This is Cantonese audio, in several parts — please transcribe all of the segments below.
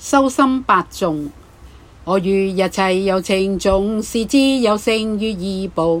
修心八頌，我與一切有情眾，視之尤勝於意寶。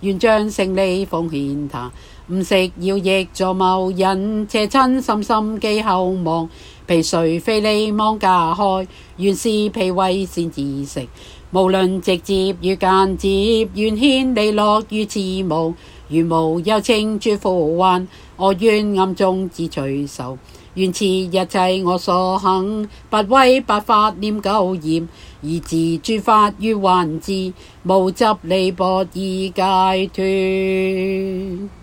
願將勝利奉獻他，唔食要益助某人，且親深心寄厚望，被雖非理妄加開，願視彼為善知識，無論直接與間接，願獻利樂於慈無，願無有情諸苦患，我願暗中自取受，願賜一切我所肯，不威不法念垢染，以自諸法於幻智。無執利，薄衣解脱。